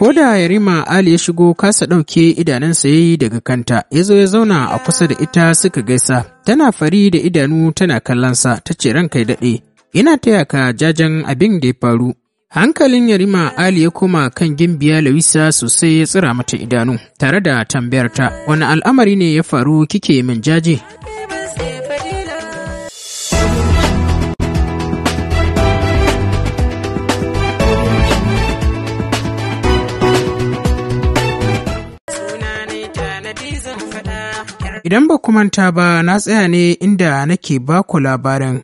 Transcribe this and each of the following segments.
Ko da Yarima Ali ya shigo kasa ɗauke idanunsa ya yi daga kanta, ya zo ya zauna a kusa da ita suka gaisa. Tana fari da idanu tana kallonsa ta ce ranka ya daɗe. Ina taya ka jajen abin da ya faru. Hankalin Yarima Ali ya koma kan gimbiya Lawisa sosai ya tsira mata idanu, tare da tambayarta wani al'amari ne ya faru kike min jaje. Idan ba ku manta ba na tsaya ne inda nake ba ku labarin.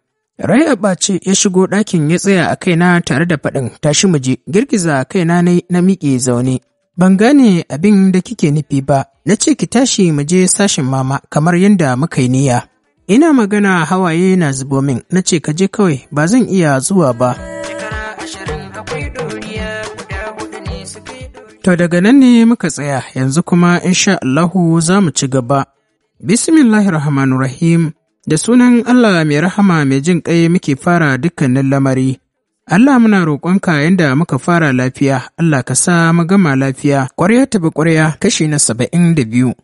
Rai a ɓace ya shigo ɗakin ya tsaya a kaina tare da faɗin tashi muje girgiza kaina na miƙe zaune. Ban gane abin da kike nufi ba, na ce ki tashi muje je sashin mama kamar yadda muka yi niyya. Ina magana hawaye na zubo min, na ce ka je kawai ba zan iya zuwa ba. To daga nan ne muka tsaya yanzu kuma insha Allahu za mu ci gaba. rahim da sunan Allah mai rahama mai jin ƙai muke fara dukkanin lamari. Allah muna roƙonka yadda muka fara lafiya, Allah ka sa mu gama lafiya, ƙwarya tabi ƙwarya kashi na saba'in da biyu.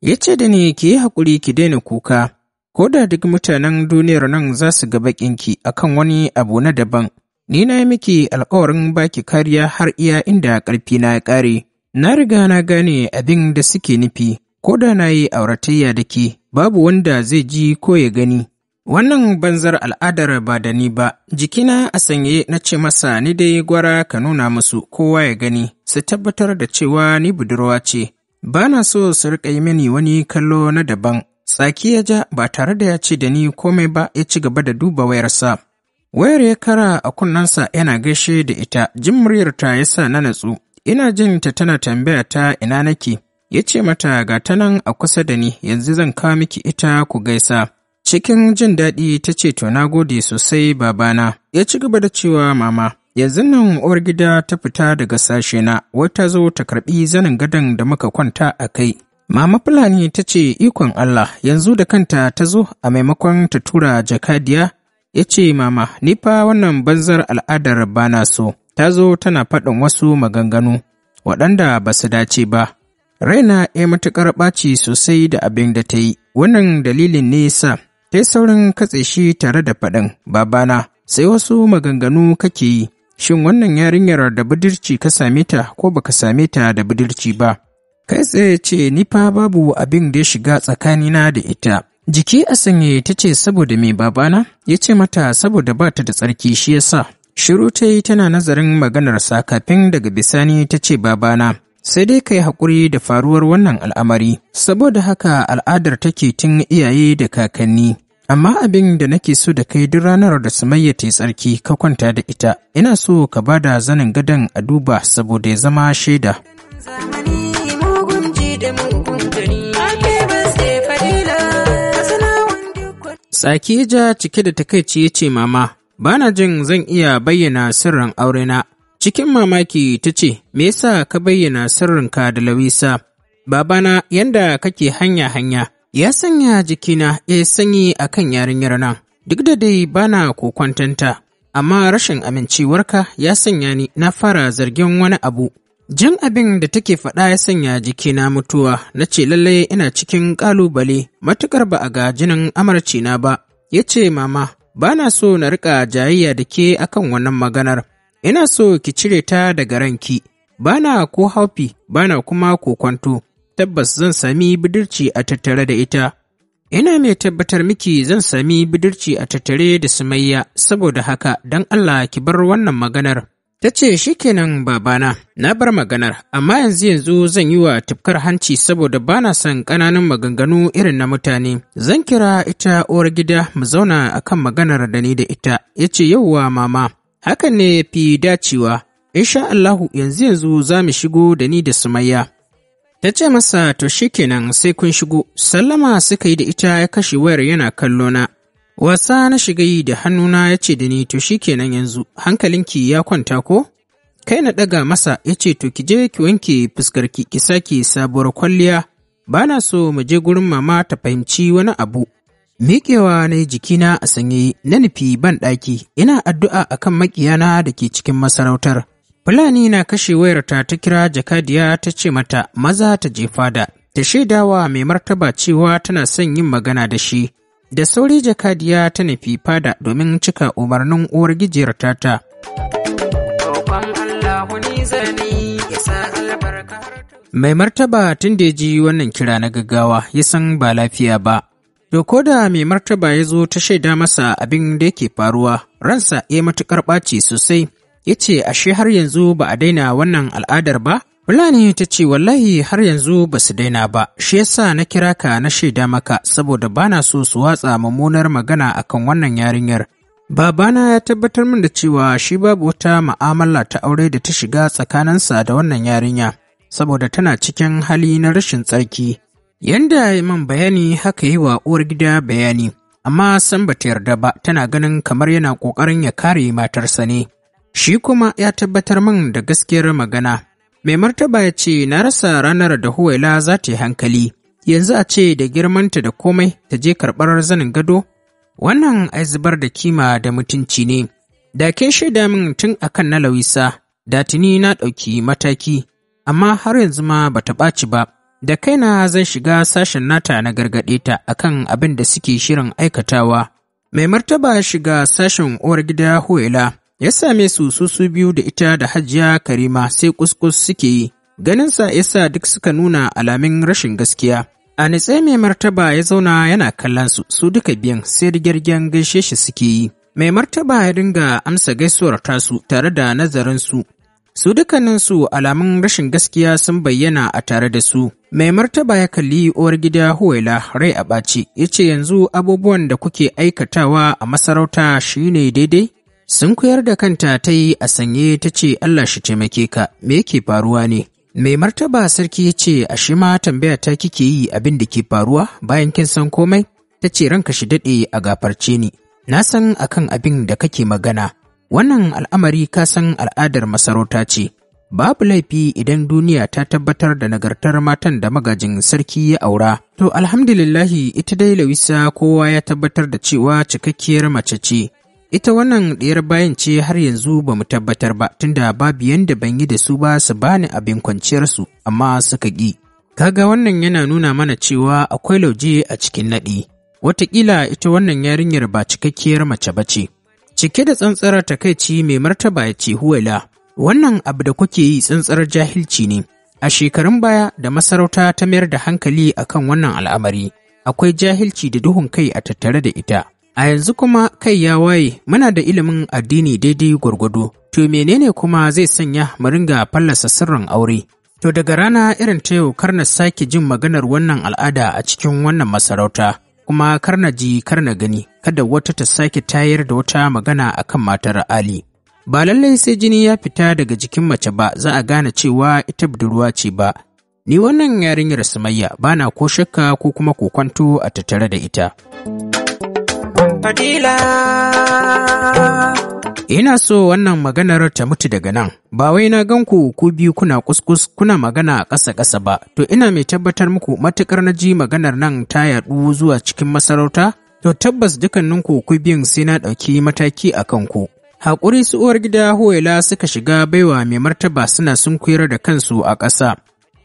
Ya ce da ni ki yi haƙuri ki daina kuka, ko da duk mutanen duniyar nan za su ga baƙinki akan wani abu na daban. Ni na yi miki alƙawarin baki kariya har iya inda ƙarfi na ya ƙare. Na riga na gane abin da suke nufi, ko da na yi auratayya da ke babu wanda zai ji ko ya gani. Wannan banzar al'adar ba da ni ba, jikina a sanye na ce masa ni dai gwara ka nuna musu kowa ya gani, su tabbatar da cewa ni budurwa ce. Ba na so su riƙa yi mini wani kallo na daban. Tsaki ya ja ba tare da ya ce da ni komai ba ya ci gaba da duba wayarsa. Wayar ya kara a kunnensa yana gaishe da ita, jin muryarta ya sa na natsu. Ina jin ta tana tambaya ta ina nake, ya ce mata ga ta nan a kusa da ni yanzu zan kawo miki ita ku gaisa. Cikin jin daɗi ta ce to na gode sosai babana, ya ci gaba da cewa mama, yanzu nan uwar gida ta fita daga sashe na wai ta zo ta karɓi zanin gadon da muka kwanta a kai. Mama Fulani ta ce ikon Allah yanzu da kanta ta zo a maimakon ta tura jakadiya ya ce mama ni fa wannan banzar al'adar bana so ta zo tana faɗin wasu maganganu waɗanda ba su dace ba Raina ya matuƙar ɓaci sosai da abin da ta yi, wannan dalilin ne sa ta saurin katse shi tare da faɗin babana sai wasu maganganu kake yi, shin wannan yarinyar da budurci ka same ta ko baka same ta da budurci ba. Kai tsaye ce nifa babu abin da ya shiga tsakanina da ita. Jiki a sanye ta ce saboda mai babana ya ce mata saboda ba ta da tsarki shi yasa. Shiru ta yi tana nazarin maganarsa kafin daga bisani ta ce babana sai dai ka yi haƙuri da faruwar wannan al'amari saboda haka al'adar take tun iyaye da kakanni amma abin da nake so da kai duk ranar da sumayya ta tsarki ka kwanta da ita ina so ka ba da zanin gadon a duba saboda ya zama shaida Tsaki ja cike da takaici ya ce mama, Bana jin zan iya bayyana sirrin aurena Cikin mamaki ta ce, Me yasa ka bayyana sirrinka da Lawisa? Babana yanda kake hanya-hanya, ya sanya jikina ya sanyi a kan yarinyar nan, duk da dai bana kokwantanta, amma rashin amincewarka ya sanya ni na fara zargin wani abu. Jin abin da take faɗa ya sanya jikina mutuwa, na ce lallai ina cikin ƙalubale, matuƙar ba a ga jinin amarcina ba, ya ce mama, ba na so na riƙa jayayya da ke akan wannan maganar, ina so ki cire ta daga ranki, bana ko haufi, bana kuma ko kwanto, tabbas zan sami budurci a tattare da ita. Ina mai tabbatar miki zan sami budurci a tattare da sumayya, saboda haka don Allah ki bar wannan maganar. Ta ce kenan babana, na bar maganar, amma yanzu yanzu zan yi wa tufkar hanci saboda bana son ƙananan maganganu irin na mutane. Zan kira ita uwar gida mu zauna akan maganar da ni da ita, ya ce yauwa mama, Hakan ne fi dacewa, insha Allahu yanzu yanzu za mu shigo da ni da Sumayya. Ta ce masa to kenan sai kun shigo, sallama suka yi da ita ya kashe wayar yana kallona. Wasa na shiga yi da hannuna ya ce da ni to kenan yanzu, hankalinki ya kwanta ko? Kai na ɗaga masa ya ce to ki je ki wanke fuskarki ki sake sabuwar kwalliya, ba na so mu je gurin mama ta fahimci wani abu. Miƙewa na jikina a sanye na nufi ban ɗaki ina addu'a a kan makiyana da ke cikin masarautar. Fulani na kashe wayarta ta kira jakadiya ta ce mata maza ta je fada, ta shaidawa mai martaba cewa tana son yin magana da shi. Da sauri jakadiya ta nufi fada domin cika umarnin uwar gijiyar tata. Mai martaba tun da ya ji wannan kira na gaggawa ya san ba lafiya ba. Dokoda mai martaba ya zo ta shaida masa abin da yake faruwa, ransa ya matuƙar ɓaci sosai, ya ce ashe har yanzu ba a daina wannan al'adar ba? Fulani ta ce wallahi har yanzu ba su daina ba, shi yasa na kira ka na shaida maka saboda bana so su watsa mummunar magana akan wannan yarinyar. Babana ya tabbatar min da cewa shi babu wata ma'amala ta aure da ta shiga tsakaninsa da wannan yarinya, saboda tana cikin hali na rashin tsarki. Yanda man bayani haka yi wa uwar gida bayani, amma san ba ta yarda ba tana ganin kamar yana ƙoƙarin ya kare matarsa ne. Shi kuma ya tabbatar min da gaskiyar magana. Mai martaba ya ce na rasa ranar da Huwaila za ta yi hankali, yanzu a ce da girmanta da komai ta je karɓar zanin gado? Wannan ai zubar da kima da mutunci ne. Da kin shaida min tun akan na Lawisa, da tuni na ɗauki mataki, amma har yanzu ma ba ta ɓaci ba. da kaina zai shiga sashen nata na gargaɗe ta akan abin da suke shirin aikatawa. Mai martaba shiga sashen uwar gida Huwaila ya same su susu biyu da ita da Hajiya Karima sai kuskus suke yi. Ganinsa ya sa duk suka nuna alamin rashin gaskiya. A nitse mai martaba ya zauna yana kallon su su duka biyan sai rigirgen gaishe shi suke yi. Mai martaba ya dinga amsa gaisuwar tasu tare da nazarin su su dukkaninsu alamun rashin gaskiya sun bayyana a tare da su mai martaba ya kalli uwar gida huwaila rai a ɓaci ya ce yanzu abubuwan da kuke aikatawa a masarauta shine daidai sun koyar da kanta ta yi a sanye ta ce allah shi taimake ka me yake faruwa ne mai martaba sarki ya ce a shi ma tambaya ta kike yi abin da ke faruwa bayan kin san komai ta ce ranka shi daɗe a gafarce ni na san akan abin da kake magana Wannan al'amari kasan al'adar masarauta ce, babu laifi idan duniya ta tabbatar da nagartar matan da magajin sarki ya aura. To alhamdulillahi ita dai Lawisa kowa ya tabbatar da cewa cikakkiyar mace ce. Ita wannan ɗiyar bayan ce har yanzu ba mu tabbatar ba tunda babu yanda ban yi da su ba su bani abin kwanciyarsu amma suka ƙi. Kaga wannan yana nuna mana cewa akwai lauje a cikin naɗi. Wataƙila ita wannan yarinyar ba cikakkiyar mace ba ce. cike da tsantsarar takaici mai martaba ya ce huwaila wannan abu da kuke yi tsantsarar jahilci ne a shekarun baya da masarauta ta mayar da hankali akan wannan al'amari akwai jahilci da duhun kai a tattare da ita a yanzu kuma kai ya waye muna da ilimin addini daidai gwargwado to menene kuma zai sanya mu ringa fallasa sirrin aure to daga rana irin ta yau kar na sake jin maganar wannan al'ada a cikin wannan masarauta kuma karna ji kar na gani kada wata ta sake tayar da wata magana a kan matar Ali. Ba lallai sai jini ya fita daga jikin mace ba za a gane cewa ita budurwa ce ba. Ni wannan yarinyar Sumayya bana ko shakka ko kuma kokwanto a tattare da ita. Fadila Ina so wannan maganar ta mutu daga nan, ba wai na gan ku ku biyu kuna kuskus kuna magana ƙasa-ƙasa ba, to ina mai tabbatar muku matuƙar na ji maganar nan ta yaɗu zuwa cikin masarauta to tabbas dukanninku ku biyan sai na ɗauki mataki a kanku. Haƙuri su uwar gida Huwaila suka shiga baiwa mai martaba suna sun kuyar da kansu a ƙasa.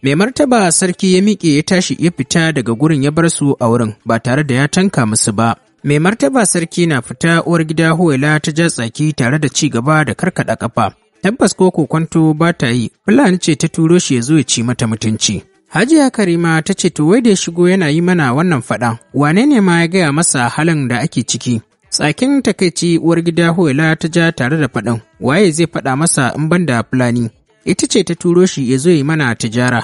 Mai martaba sarki ya miƙe ya tashi ya fita daga gurin ya bar su a wurin ba tare da ya tanka musu ba. Mai martaba sarki na fita uwar gida Huwaila ta ja tsaki tare da ci gaba da karkaɗa ƙafa. Tabbas ko kwanto ba ta yi, Fulani ce ta turo shi ya zo ya ci mata mutunci. Hajiya Karima ta ce to wai da ya shigo yana yi mana wannan faɗa. Wane ne ma ya gaya masa halin da ake ciki? Tsakin takaici uwar gida Huwaila ta ja tare da faɗan. Waye zai faɗa masa in ban da Fulani? Ita ce ta turo shi ya zo yi mana tijara.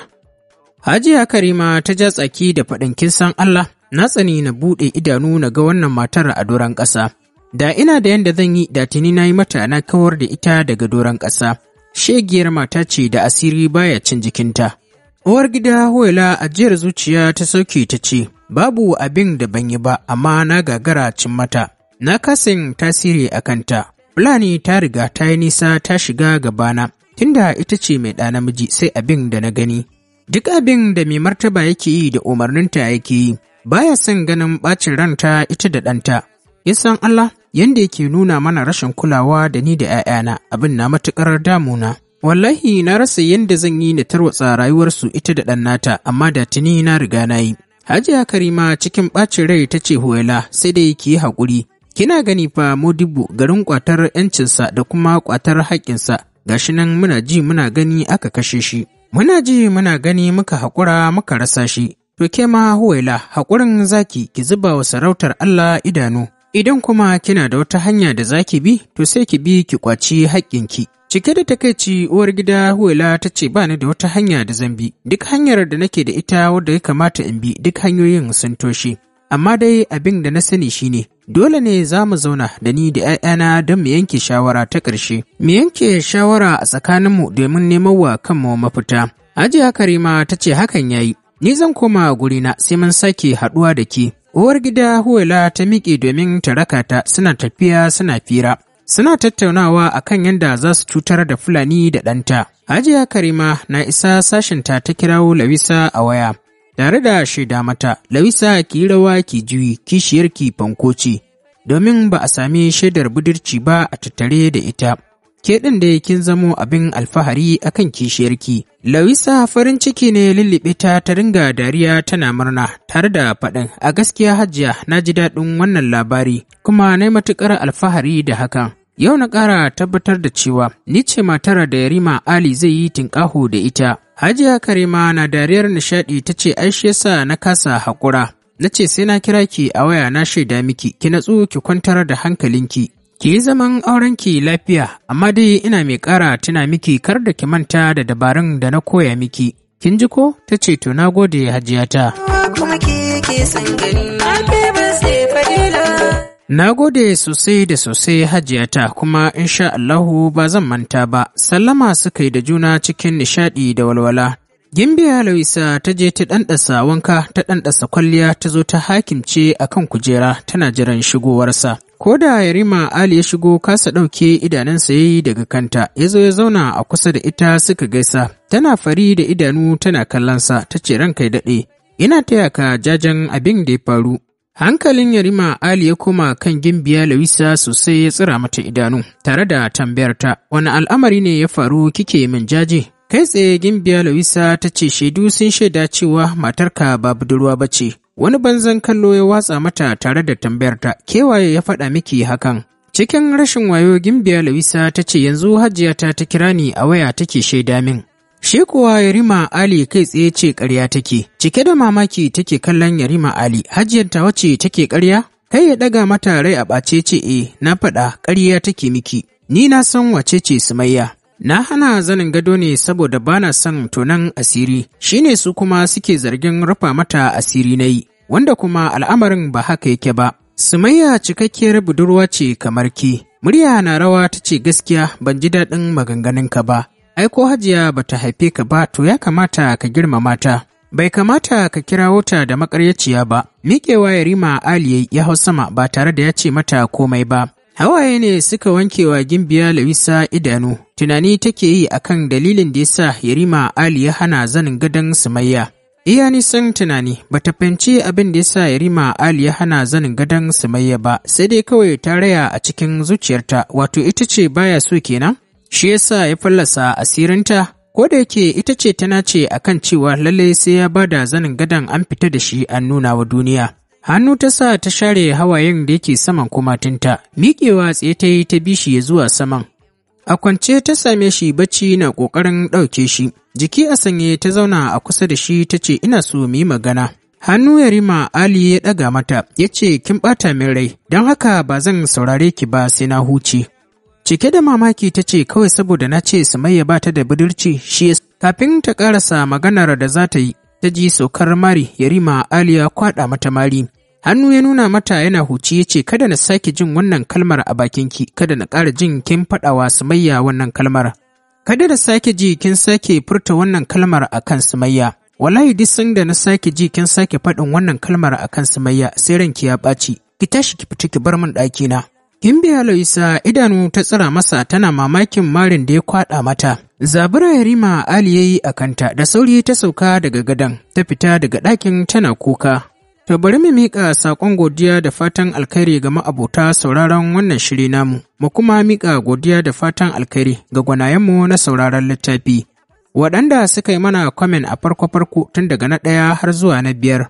Hajiya Karima ta ja tsaki da faɗin kin san Allah. Na tsani na buɗe idanu na ga wannan matar a doron ƙasa. Da ina da yanda zan yi da tuni na yi mata na kawar da ita daga doron ƙasa. Shegiyar mata ce da asiri baya cin jikinta. Uwar gida Huwaila ajiyar zuciya ta sauke ta ce, Babu abin da ban yi ba, amma na gagara cin mata. Na kasin tasiri a kanta. Fulani ta riga ta yi nisa ta shiga gabana, tunda ita ce mai ɗa namiji sai abin da na gani. Duk abin da mai martaba yake yi da umarninta yake yi, baya son ganin ɓacin ranta ita da ɗanta. Ya san Allah yanda yake nuna mana rashin kulawa da ni da ‘ya'yana abin na matuƙar damuna. Wallahi na rasa yadda zan yi na tarwatsa rayuwarsu ita da ɗan nata, amma da tuni na riga na yi. Hajiya Karima cikin ɓacin rai ta ce Huwaila sai dai ki yi haƙuri. Kina gani fa Modibo garin ƙwatar ‘yancinsa da kuma ƙwatar haƙƙinsa, Ga shi nan muna ji muna gani aka kashe shi. Muna ji muna gani muka haƙura muka rasa shi. To ke ma Huwaila haƙurin zaki ki zuba wa sarautar Allah idanu. Idan kuma kina da wata hanya da za ki bi, to sai ki bi ki kwaci haƙƙinki. Cike da takaici uwar gida Huwela ta ce ba da wata hanya da zan bi, duk hanyar da nake da ita wadda ya kamata in bi duk hanyoyin sun toshe. Amma dai abin da na sani shine dole ne za mu zauna da ni da 'ya'yana don mu yanke shawara ta ƙarshe. Mu yanke shawara a tsakaninmu domin neman wa kanmu mafita. Ajiya Karima ta ce hakan yayi, ni zan koma gurina sai mun sake haɗuwa da ke. Uwar gida huwela ta miƙe domin ta raka ta suna tafiya suna fira. Suna tattaunawa a kan yadda za su cutar da Fulani da ɗanta. Hajiya Karima na isa sashinta ta kirawo Lawisa a waya. Tare da shaida mata, Lawisa ki rawa ki juyi kishiyar ki fankoci, domin ba a sami shaidar budurci ba a tattare da ita. ke ɗin da ya kin zamo abin alfahari a kan kishiyarki. Lawisa farin ciki ne lullube ta ta ringa dariya tana murna tare da faɗin a gaskiya hajiya na ji daɗin wannan labari kuma na yi matuƙar alfahari da hakan. Yau na ƙara tabbatar da cewa ni ce matara da Yarima Ali zai yi tinƙaho da ita. Hajiya Karima na dariyar nishaɗi ta ce aishe yasa na kasa haƙura. na ce sai na kira ki a waya na shaida miki ki natsu ki kwantar da hankalinki Ki yi zaman aurenki lafiya, amma dai ina mai ƙara tuna miki kar da ki manta da dabarun da na koya miki. Kin ji ko? Ta ce to na gode hajiyata. Na gode sosai da sosai hajiyata kuma insha Allahu ba zan manta ba. Sallama suka yi da juna cikin nishaɗi da walwala. Gimbiya lawisa ta je ta ɗanɗasa wanka ta ɗanɗasa kwalliya ta zo ta hakimce kan kujera tana jiran shigowarsa. Ko da Yarima Ali ya shigo kasa ɗauke idanunsa ya yi daga kanta, ya zo ya zauna a kusa da ita suka gaisa. Tana fari da idanu tana kallonsa, ta ce ranka ya daɗe. Ina taya ka jajen abin da ya faru. Hankalin Yarima Ali ya koma kan gimbiya Lawisa sosai ya tsira mata idanu, tare da tambayar ta, wani al'amari ne ya faru kike min jaje? Kai tsaye gimbiya Lawisa ta ce shaidu sun shaida cewa matarka ba budurwa ba ce, wani banzan kallo ya watsa mata tare da tambayar ta kewaye ya faɗa miki hakan cikin rashin wayo gimbiya lawisa ta ce yanzu Hajiya ta kira ni a waya take shaida min shi kuwa yarima ali kai tsaye ce karya take cike da mamaki take kallon yarima ali hajiyarta wace take karya kai ya ɗaga mata rai a ɓace ce e na faɗa ƙarya take miki ni na san wace ce sumayya Na hana zanin gado ne saboda bana son tonan asiri, Shi ne su kuma suke zargin rufa mata asiri na yi, wanda kuma al'amarin ba haka yake ba. Sumayya cikakkiyar budurwa ce kamar ki, murya na rawa ta ce gaskiya ban ji daɗin maganganunka ba, ai ko hajiya ba ta haife ka ba to ya kamata ka girmama ta. Bai kamata ka kirawo ta da makaryaciya ba, miƙewa ya rima Ali ya hau sama ba tare da ya ce mata komai ba, Hawaye ne suka wanke wa gimbiya Lawisa idanu, tunani take yi akan dalilin da yasa Yarima Ali ya hana zanin gadon Sumayya. Iya nisan tunani ba ta fahimci abin da yasa Yarima Ali ya hana zanin gadon Sumayya ba, sai dai kawai ta raya a cikin zuciyarta, wato ita ce baya so kenan? Shi yasa ya fallasa asirinta ko da yake ita ce tana ce akan cewa lallai sai ya bada zanin gadon an fita da shi an nuna wa duniya. Hannu ta sa ta share hawayen da yake saman kumatinta, miƙewa tsaye ta yi ta bishi ya zuwa saman. A kwance ta same shi bacci na ƙoƙarin ɗauke shi, jiki a sanye ta zauna a kusa da shi ta ce ina so mu yi magana. Hannu ya rima Ali ya ɗaga mata, ya ce kin ɓata min rai, don haka ba zan saurare ki ba sai na huce. Cike da mamaki ta ce kawai saboda na ce Sumayya ba ta da budurci shi kafin ta ƙarasa maganar da za ta yi, ta ji saukar mari ya rima Ali ya kwaɗa mata mari. hannu ya nuna mata yana huci ya ce kada na sake jin wannan kalmar a bakinki kada na ƙara jin kin faɗawa sumayya wannan kalmar kada na sake ji kin sake furta wannan kalmar a kan sumayya wallahi duk sun da na sake ji kin sake faɗin wannan kalmar a kan sumayya sai ranki ya ɓaci ki tashi ki fita ki bar min ɗakina biya Laisa idanu ta tsira masa tana mamakin marin da ya kwaɗa mata. Zabura ya rima Ali ya yi a kanta da sauri ta sauka daga gadon, ta fita daga ɗakin tana kuka. To bari mu miƙa saƙon godiya da fatan alkhairi ga ma'abota sauraron wannan shiri namu, mu kuma miƙa godiya da fatan alkhairi ga gwanayenmu na sauraron littafi. Waɗanda suka yi mana kwamen a farko-farko tun daga na ɗaya har zuwa na biyar.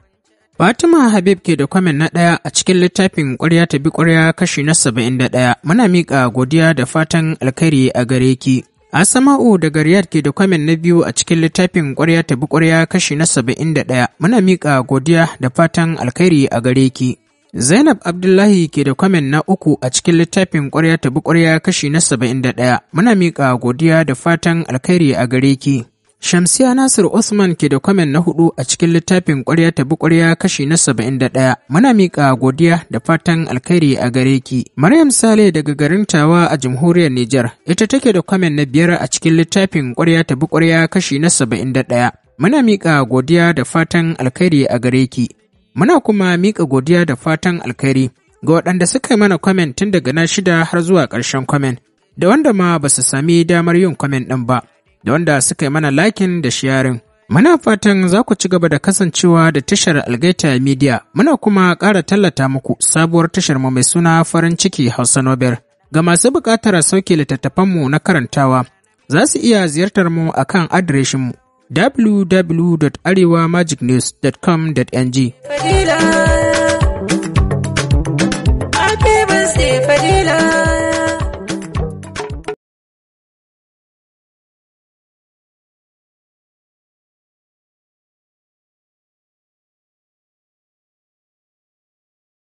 Fatima Habib ke da kwamen na ɗaya a cikin littafin ƙwarya ta bi ƙwarya kashi na saba'in da ɗaya muna miƙa godiya da fatan alkhairi a gare ki. Asama'u da gariyar ke da kwamen na biyu a cikin littafin ƙwarya ta bi ƙwarya kashi na saba'in da ɗaya muna miƙa godiya da fatan alkhairi a gare ki. Zainab Abdullahi ke da kwamen na uku a cikin littafin ƙwarya ta bi ƙwarya kashi na saba'in da ɗaya muna miƙa godiya da fatan alkhairi a gare ki. Shamsiya Nasir Usman ke da kwamen na hudu a cikin littafin ƙwarya tabi ƙwarya kashi na saba'in da ɗaya. Muna miƙa godiya da fatan alkhairi a gare ki. Maryam Sale daga garin Tawa a jamhuriyar Nijar ita take da kwamen na biyar a cikin littafin ƙwarya tabi ƙwarya kashi na saba'in da ɗaya. Muna miƙa godiya da fatan alkhairi a gare ki. Muna kuma miƙa godiya da fatan alkhairi ga waɗanda suka yi mana kwamen tun daga na shida har zuwa ƙarshen kwamen. Da wanda ma ba su sami damar yin kwamen ɗin ba. da wanda suka yi mana lakin da shiyarin. Muna fatan za ku ci gaba da kasancewa da tashar Algaita Media, muna kuma ƙara tallata muku sabuwar tashar mu mai suna farin ciki Hausa Nobel. Ga masu buƙatar sauke littattafanmu na karantawa, za su iya ziyartar mu a kan adireshinmu www.arewamagicnews.com.ng. Fadila,